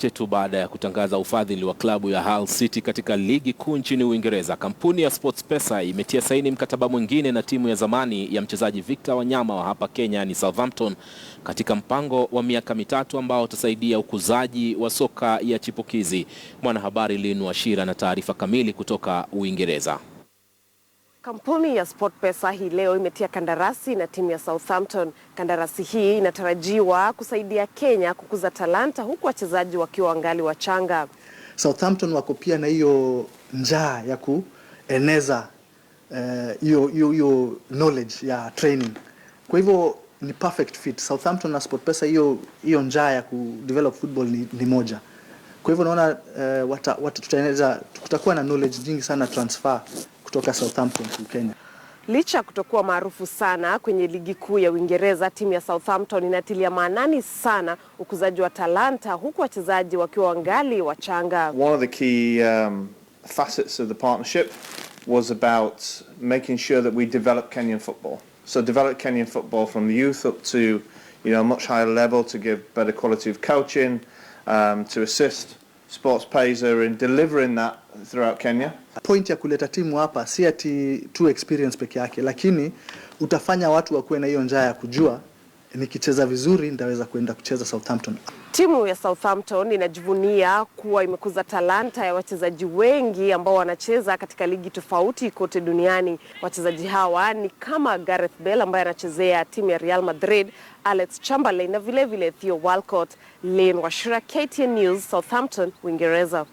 chache tu baada ya kutangaza ufadhili wa klabu ya Hull City katika ligi kuu nchini Uingereza, kampuni ya SportPesa imetia saini mkataba mwingine na timu ya zamani ya mchezaji Victor Wanyama wa hapa Kenya ni Southampton katika mpango wa miaka mitatu ambao utasaidia ukuzaji wa soka ya chipukizi. Mwanahabari Lin Washira na taarifa kamili kutoka Uingereza. Kampuni ya SportPesa hii leo imetia kandarasi na timu ya Southampton. Kandarasi hii inatarajiwa kusaidia Kenya kukuza talanta huku wachezaji wakiwa wangali wachanga. Southampton wako pia na hiyo njaa ya kueneza eh, hiyo uh, hiyo knowledge ya training. Kwa hivyo ni perfect fit Southampton na SportPesa, hiyo hiyo njaa ya kudevelop football ni, ni moja. Kwa hivyo naona uh, wata, wata, tutaeneza, tutakuwa na knowledge nyingi sana transfer kutoka Southampton Kenya. Licha ya kutokuwa maarufu sana kwenye ligi kuu ya Uingereza, timu ya Southampton inatilia maanani sana ukuzaji wa talanta huku wachezaji wakiwa wangali wachanga. One of the key um, facets of the partnership was about making sure that we develop Kenyan football. So develop Kenyan football from the youth up to, you know, a much higher level to give better quality of coaching, um, to assist Sports Pesa in delivering that throughout Kenya. Point ya kuleta timu hapa si ati tu experience peke yake, lakini utafanya watu wakuwe na hiyo njaa ya kujua nikicheza vizuri nitaweza kuenda kucheza Southampton. Timu ya Southampton inajivunia kuwa imekuza talanta ya wachezaji wengi ambao wanacheza katika ligi tofauti kote duniani. Wachezaji hawa ni kama Gareth Bale ambaye anachezea timu ya Real Madrid, Alex Chamberlain na vilevile Theo Walcott. Lane Washira, KTN News, Southampton, Uingereza.